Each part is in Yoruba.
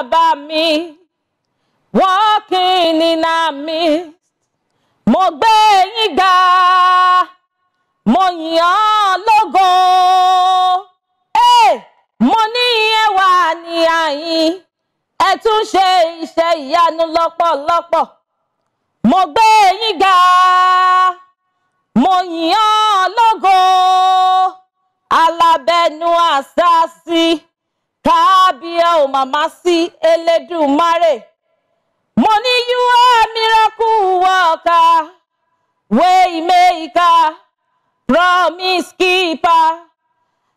About me, walking in a mist. mo gbé yín ga mo yàn án lógo hey, mo ní ẹ wà ní àyín ẹ tún ṣe iṣẹ́ ìyanu lọ́pọ̀lọpọ̀ mo gbé yín mo yàn lógo alábẹnu àṣà sí i. Kábíyá ò màmá sí Elédùmarè. Mo ní you are miracle worker, way maker, promise keeper.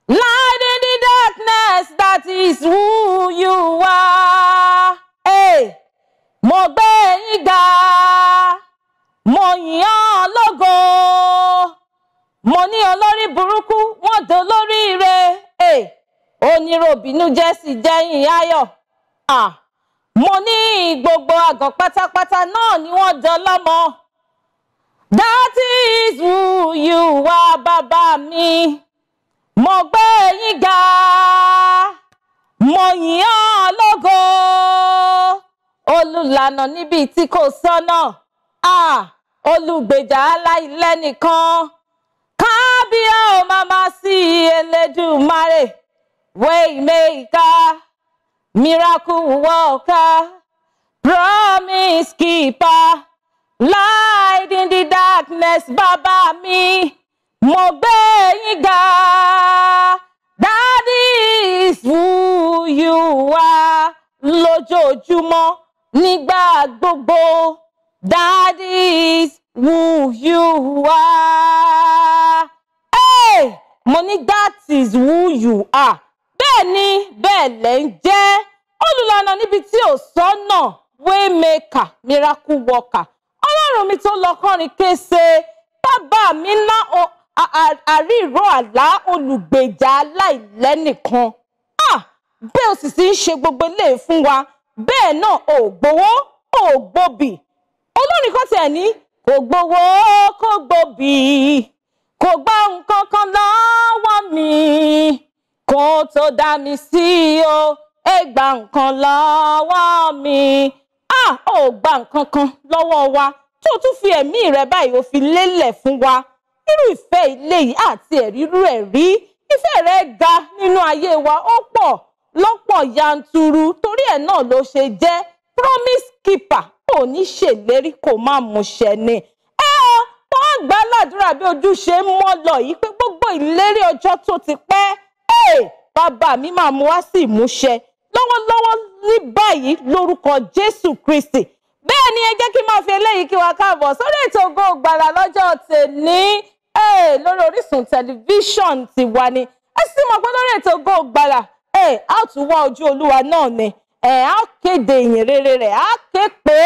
Light in the darkness, that is who you are. Hey, mo gbé yín ga, mo yìn án lógo. Mo ní olórí burúkú, wọ́n dolóríire oníròbínú sì jẹ́yìn ayọ̀ mo ní gbogbo àgàn pátápátá náà ni wọ́n jọ lọ́mọ that is who you are bàbá mi mo gbé yín ga mo yìn án lógo olùlànà níbi tí kò sọ́nà olùgbèjà aláìlẹ́nìkan kábíyá ò máa ma sí Elédùmarè. Waymaker, miracle worker, promise keeper, light in the darkness, Baba me, mo That is who you are lójoojúmọ́ nígbà gbogbo. That is who you are. Hey! money. that is who you are. bẹ́ẹ̀ ni bẹ́ẹ̀ lẹ̀ ń jẹ́ olùlànà níbi tí ò sọ́nà waymaker miracle worker ọlọ́run mi tó lọ kọrin kése bàbá mi ńlá àríró àlá olùgbèjà aláìlẹ́nìkan bí o sì ti ń ṣe gbogbo ilé fún wa bẹ́ẹ̀ náà ò gbowó ò gbòbì olórin kan tiẹ̀ ní kò gbowó kò gbòbì kò gbà nǹkan kan lọ́wọ́ mi. àwọn tó dá mi sí o ẹ gba nǹkan lọ́wọ́ mi a ò gba nǹkan kan lọ́wọ́ wa tó tún fi ẹ̀mí rẹ báyìí ò fi lélẹ̀ fún wa irú ìfẹ́ ilé yìí àti ẹ̀rírú ẹ̀ rí ìfẹ́ rẹ ga nínú ayé wa ó pọ̀ lọ́pọ̀ yanturu torí ẹ̀ náà ló ṣe jẹ́ promise keeper kò ní ṣèlérí kò má múṣẹ ni ẹ ọ wọn gbà ládùúrà bí ojú ṣe ń mọ lọ yìí pé gbogbo ìlérí ọjọ́ tó ti pẹ́ bàbá mi máa mú wá sí ìmúṣẹ lọ́wọ́lọ́wọ́ ní báyìí lórúkọ Jésù Kristi bẹ́ẹ̀ ni ẹ jẹ́ kí n máa fi eléyìí kí wa káàbọ̀ sórí ètò Ògo Ìgbàlà lọ́jọ́ tèmi lórí Orísun tẹlifíṣọ̀n ti wa ni ẹ sì mọ̀ pé lórí ètò Ògo Ìgbàlà a ó tún wá ojú Olúwa náà ni a ó kéde ìyìn rere rẹ̀ a ké pé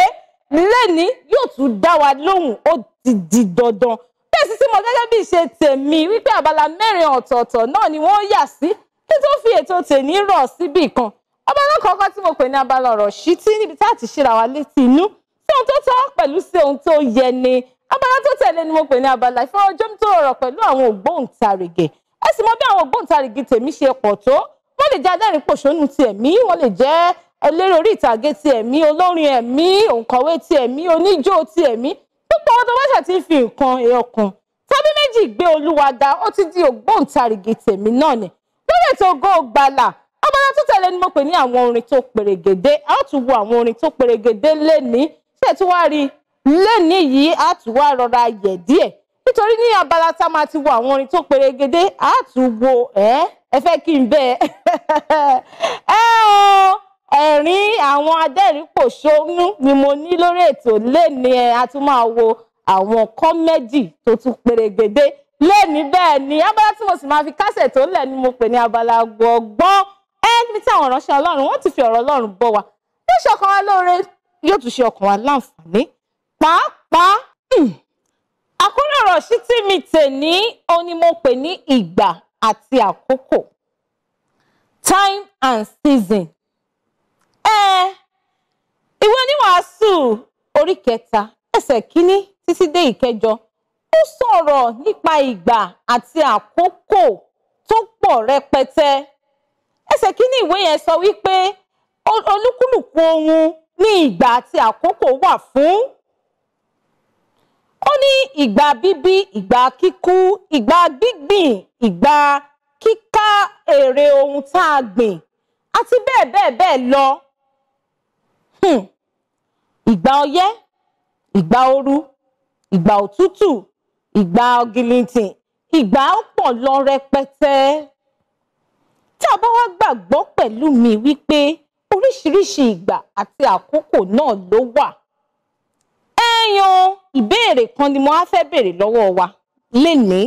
lẹ́ni yóò tún dá wa lóhùn ó ti di dandan tẹ̀sí sí wọn gẹ́gẹ́ bí ìṣe tèmi wípé abala mẹ́rin ọ̀tọ̀ọ̀tọ̀ náà ni wọ́n yà sí kí tó fi ètò tèmi rọ̀ síbì kan abala kọ̀ọ̀kan tí mo pè ní abala ọ̀rọ̀ ṣítí níbi tá àti ṣíra wa létí inú sí ohun tó tọ́ pẹ̀lú sí ohun tó yẹ ni abala tó tẹ̀lé ni mo pè ní abala ìfọwọ́jọ́mítòrò ọ̀rọ̀ pẹ̀lú àwọn ògbóǹtarìgì ẹ sì mọ bí àwọn ògbóǹtarìgì tèmi ṣe pọ̀ tó wọ́n lè jẹ́ adẹ́rìn pòṣónú ti ẹ̀mí wọ́n lè jẹ́ eléré orí ìtàgé ti ẹ̀mí olórin ẹ̀mí òǹkọ̀wé ti ẹ̀mí oníjó ti ẹ̀mí nípa ọdún bá ṣàti fi nǹkan èèyàn kan méjì gbé olúwa ga ó ti di ògbóǹtarìgì tèmi náà ni lórí ètò Ògo Ìgbàlà abala tó tẹ̀lé ni mo pè ní àwọn orin tó pèrègèdè a ó tún wo àwọn orin tó pèrègèdè lénìí ṣe tí wàá rí lénìí yìí a tún wá rọra yẹ̀ díẹ̀ nítorí ní abala tá a máa ti wo àwọn orin tó pèrègèdè a tún wo ẹ ẹ fẹ́ kí n bẹ́ẹ̀ ẹ ọ́ ẹ̀rín àwọn adẹ́rìnpòṣónú ni mo ní lórí ètò lẹ́ni ẹ̀ a tún máa wo àwọn kọ́mẹ́dì tó tún pèrègbèdé lẹ́ni bẹ́ẹ̀ ni abala tí mo sì máa fi kásẹ̀ tó lẹ̀ ni mo pè ní abala gbọ̀ngbọ́n ẹ́ níbi tí àwọn ìránṣẹ́ ọlọ́run wọ́n ti fi ọ̀rọ̀ ọlọ́run bọ̀ wá yóò ṣe ọkàn wa lóore yóò tún ṣe ọkàn wa láǹfààní pàápàá hmm, àkórí ọ̀rọ̀ sí tí mi tè ní òun mo pè ní ìgbà àti àkókò time and season ìwé oníwàásù orí kẹta ẹsẹ̀ kínní títí dé ìkẹjọ ó sọ̀rọ̀ nípa ìgbà àti àkókò tó pọ̀ rẹpẹtẹ ẹsẹ̀ kínní ìwé yẹn sọ wípé olúkúlùkù ohun ní ìgbà àti àkókò wà fún ó ní ìgbà bíbí ìgbà kíkú ìgbà gbígbìn ìgbà kíká èrè ohun tá a gbìn àti bẹ́ẹ̀ bẹ́ẹ̀ bẹ́ẹ̀ lọ um ìgbà ọyẹ́ ìgbà ooru ìgbà òtútù ìgbà ọ̀gìnìntìn ìgbà ó pọ̀ lọ rẹpẹtẹ tá a bá wá gbàgbọ́ pẹ̀lú mi wípé oríṣiríṣi ìgbà àti àkókò náà ló wà ẹ̀yàn ìbéèrè kan ni mo á fẹ́ béèrè lọ́wọ́ wa lénìí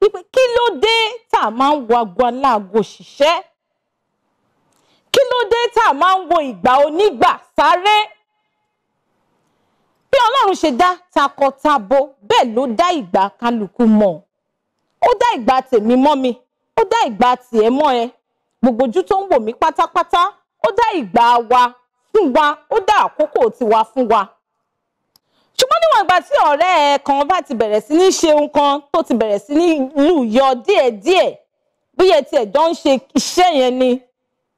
wípé kí ló dé tá a máa ń wo aago aláago òṣìṣẹ́ kí ló dé tá a máa ń wo ìgbà onígbà sáré bí ọlọ́run ṣe dá takọtabo bẹ́ẹ̀ ló dá ìgbà kálukú mọ́ ó dá ìgbà tèmi mọ́ mi ó dá ìgbà tiẹ̀ mọ́ ẹ gbogbo ojú tó ń wò mí pátápátá ó dá ìgbà wa fún wa ó dá àkókò tiwa fún wa ṣùgbọ́n níwọ̀n ìgbà tí ọ̀rẹ́ ẹ kan bá ti bẹ̀rẹ̀ sí ní ṣe nǹkan tó ti bẹ̀rẹ̀ sí ní lù yọ díẹ̀díẹ̀ bí ẹ tiẹ̀ jọ ń ṣe iṣẹ́ yẹn ni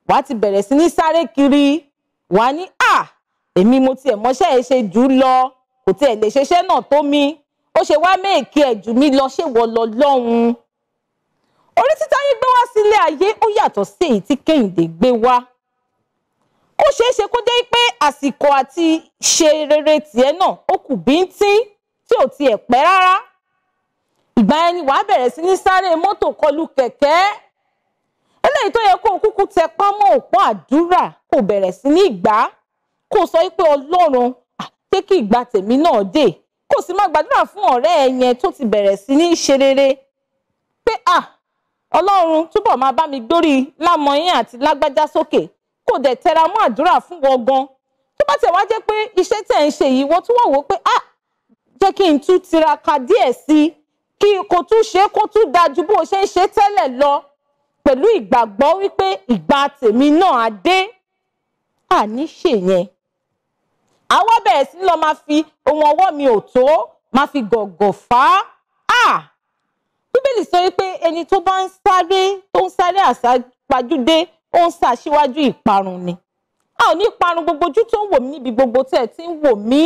wàá ti bẹ̀rẹ̀ sí ní sáré kiri wàá ní à èmi mo tiẹ̀ mọṣẹ́ ẹ ṣe jù lọ kò tiẹ̀ lè ṣeṣẹ́ náà tó mi ó ṣe wá méèkì ẹ̀ jù mí lọ ṣé wọ́n lọ lọ́hùn-ún orí títa yín gbé wá sílé ayé ó yàtọ̀ sí èyí tí Kẹ́hìndé gbé wá ó ṣeé ṣe kó jẹ́ pé àsìkò àti ṣe rere tiẹ̀ náà ó kù bíntín tí ò tiẹ̀ pẹ́ rárá ìgbà ẹni wàá bẹ̀rẹ̀ sí ní sáré mọ́tò kọlù kẹ̀kẹ́ eléyìí tó yẹ kó o kúkú tẹpá mọ́ òpó àdúrà kó bẹ̀rẹ̀ sí ní ìgbà kó o sọ pé ọlọ́run pé kí ìgbà tèmi náà dé kó o sì máa gbàdúrà fún ọ̀rẹ́ ẹ yẹn tó ti bẹ̀rẹ̀ sí ní ṣe rere pé à ọlọ́run túbọ̀ máa bá mi gbórí lámọyín àti lágbájá sókè kó dẹ̀ tẹra mọ́ àdúrà fún wọn gan tó bá tẹ̀ wá jẹ́ pé iṣẹ́ tẹ̀ ń ṣe yìí wọ́n tún wọ̀ wò pé à jẹ́ kí n tún tiraka díẹ̀ sí kí kò tún ṣe kó tún dáa ju bó ṣe ń ṣe tẹ́lẹ̀ lọ pẹ̀lú ìgbàgbọ́ wípé ìgbà tèmi náà á dé àní ṣèyẹn àwa bẹ̀rẹ̀ sí lọ máa fi ohun ọwọ́ mi ò tó máa fi gọ̀gọ̀ fà á bíbélì sọ wípé ẹni tó bá ń sáré tó ń sáré àsápajúdé ó ń ṣàṣíwájú ìparun ni a ò ní parun gbogbo ojú tó ń wò mí níbi gbogbo tẹ́ ẹ ti ń wò mí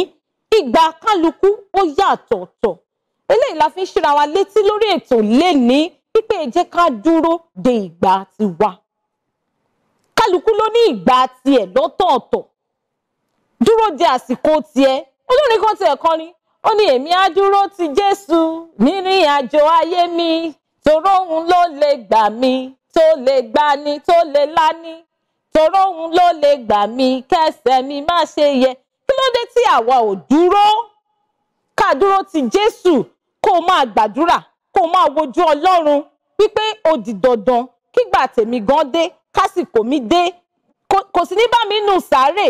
ìgbà kálukú ó yàtọ̀ọ̀tọ̀ eléyìí la fi ń ṣíra wa létí lórí ètò lénìí wípé jẹ́ ká dúró de ìgbà tiwa kálukú ló ní ìgbà tiẹ̀ lọ́tọ̀ọ̀tọ̀ dúró de àsìkò tiẹ̀ olórin kan tiẹ̀ kọrin ó ní èmi á dúró ti Jésù nínú ìrìnàjò ayé mi tòró òun ló lè gbà mí tó lè gbani tó lè lání tòró òun ló lè gbà mí kẹsẹ̀ mi má ṣe yẹ̀ kí ló dé tí àwa ò dúró ká dúró ti Jésù kó o máa gbàdúrà kó máa wojú ọlọ́run wípé ó di dandan kígbà tèmi gan dé kásìkò mi dé kò sí ní bá mi nù sáré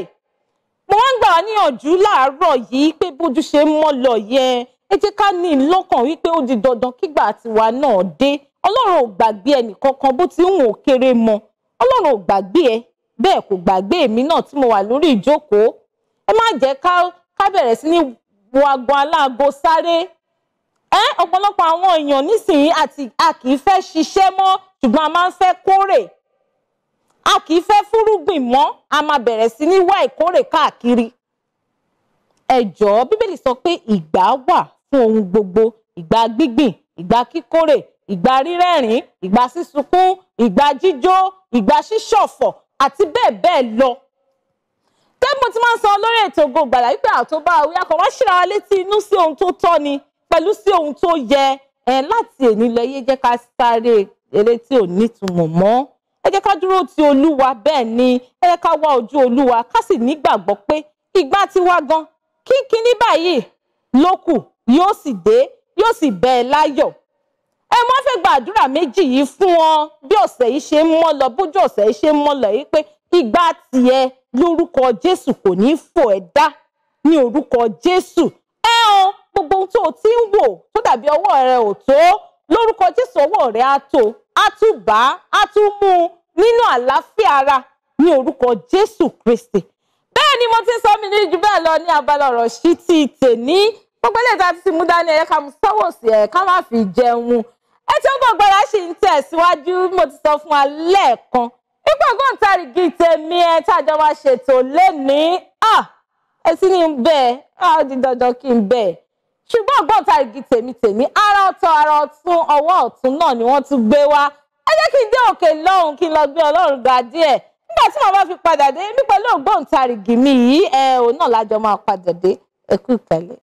mo wá ń gbà wá níyànjú láàárọ̀ yìí pé bójú ṣe ń mọ́ lọ yẹn ẹ jẹ́ ká ní lọ́kàn wípé ó di dandan kígbà tiwa náà dé ọlọ́run ò gbàgbé ẹnì kankan bó ti ń wò kéré mọ ọlọ́run ò gbàgbé ẹ bẹ́ẹ̀ kò gbàgbé èmi náà tí mo wà lórí ìjókòó ẹ má jẹ́ ká ká bẹ̀rẹ̀ sí ní wo aago aláago sáré ẹ ọ̀pọ̀lọpọ̀ àwọn èèyàn nísìnyí àti a kì í fẹ́ ṣiṣẹ́ mọ́ ṣùgbọ́n a máa ń fẹ́ kórè a kì í fẹ́ fúrúgbìn mọ́ a máa bẹ̀rẹ̀ sí ní wá ìkórè káàkiri ẹ jọ̀ọ́ bíbélì sọ pé ìgbà wà fún ohun gbogbo ìgbà gbígbìn ìgbà kíkórè ìgbà rírẹ́rìn ìgbà sísunkún ìgbà jíjó ìgbà ṣíṣọ̀fọ̀ àti bẹ́ẹ̀ bẹ́ẹ̀ lọ kẹ́mi ti máa ń sọ lórí ètò Ògo Ìgbàlà wípé àtọ́bá àwíyá kan wá ṣíra létí inú sí ohun tó tọ́ ni pẹ̀lú sí ohun tó yẹ láti èní yé jẹ́ ká sáré eré tí ò nítumọ̀ mọ́ ẹ jẹ́ ká dúró ti olúwa bẹ́ẹ̀ ni ẹ jẹ́ ká wá ojú olúwa ká sì nígbàgbọ́ pé ìgbà ti wá gan kí kinní báyìí ló kù yóò sì dé yóò sì bẹ ẹ láyọ̀ ẹ má fẹ́ gba àdúrà méjì yìí fún wọn bí ọ̀sẹ̀ yìí ṣe ń mọ́ lọ bójú ọ̀sẹ̀ yìí ṣe ń mọ́ lọ yìí pé ìgbà tiẹ̀ lórúkọ Jésù kò ní fò ẹ́ dá ní orúkọ Jésù gbogbo ohun tó o ti ń wò tó dàbí ọwọ́ rẹ ò tó lórúkọ Jésù ọwọ́ rẹ á tó á tún bá á tún mú un nínú àlàáfíà ara ní orúkọ Jésù Kristi bẹ́ẹ̀ ni mo ti sọ mi ní jù bẹ́ẹ̀ lọ ní abala ọ̀rọ̀ sí ti tèmi gbogbo ilé ìta ti mú dání ẹ̀yẹ ká sọ́wọ́ sí ẹ̀ má fi jẹun ètò gbọ̀gbọ̀ra ṣì ń tẹ̀síwájú mo ti sọ fún wa lẹ́ẹ̀kan ipò ògbóǹtarìgì tèmi ẹ tájọ wa ṣètò lénìí ẹ ah, sì ní bẹ́ẹ̀ ah, ó di dandan kí n bẹ́ẹ̀ ṣùgbọ́n ògbóǹtarìgì tèmi tèmi ara ọ̀tọ̀ ara ọ̀tún ọwọ́ ọ̀tún náà ni wọ́n tún gbé wá ẹ jẹ́ kí n dé òkè lọ́hùn kí n lọ gbé ọlọ́run ga díẹ̀ nígbà tí màá bá fi padà dé mi pẹ̀lú ògbóǹtarìgì mi yìí ẹ òun náà lájọ máa padà dé ẹ kú ìkàlẹ̀.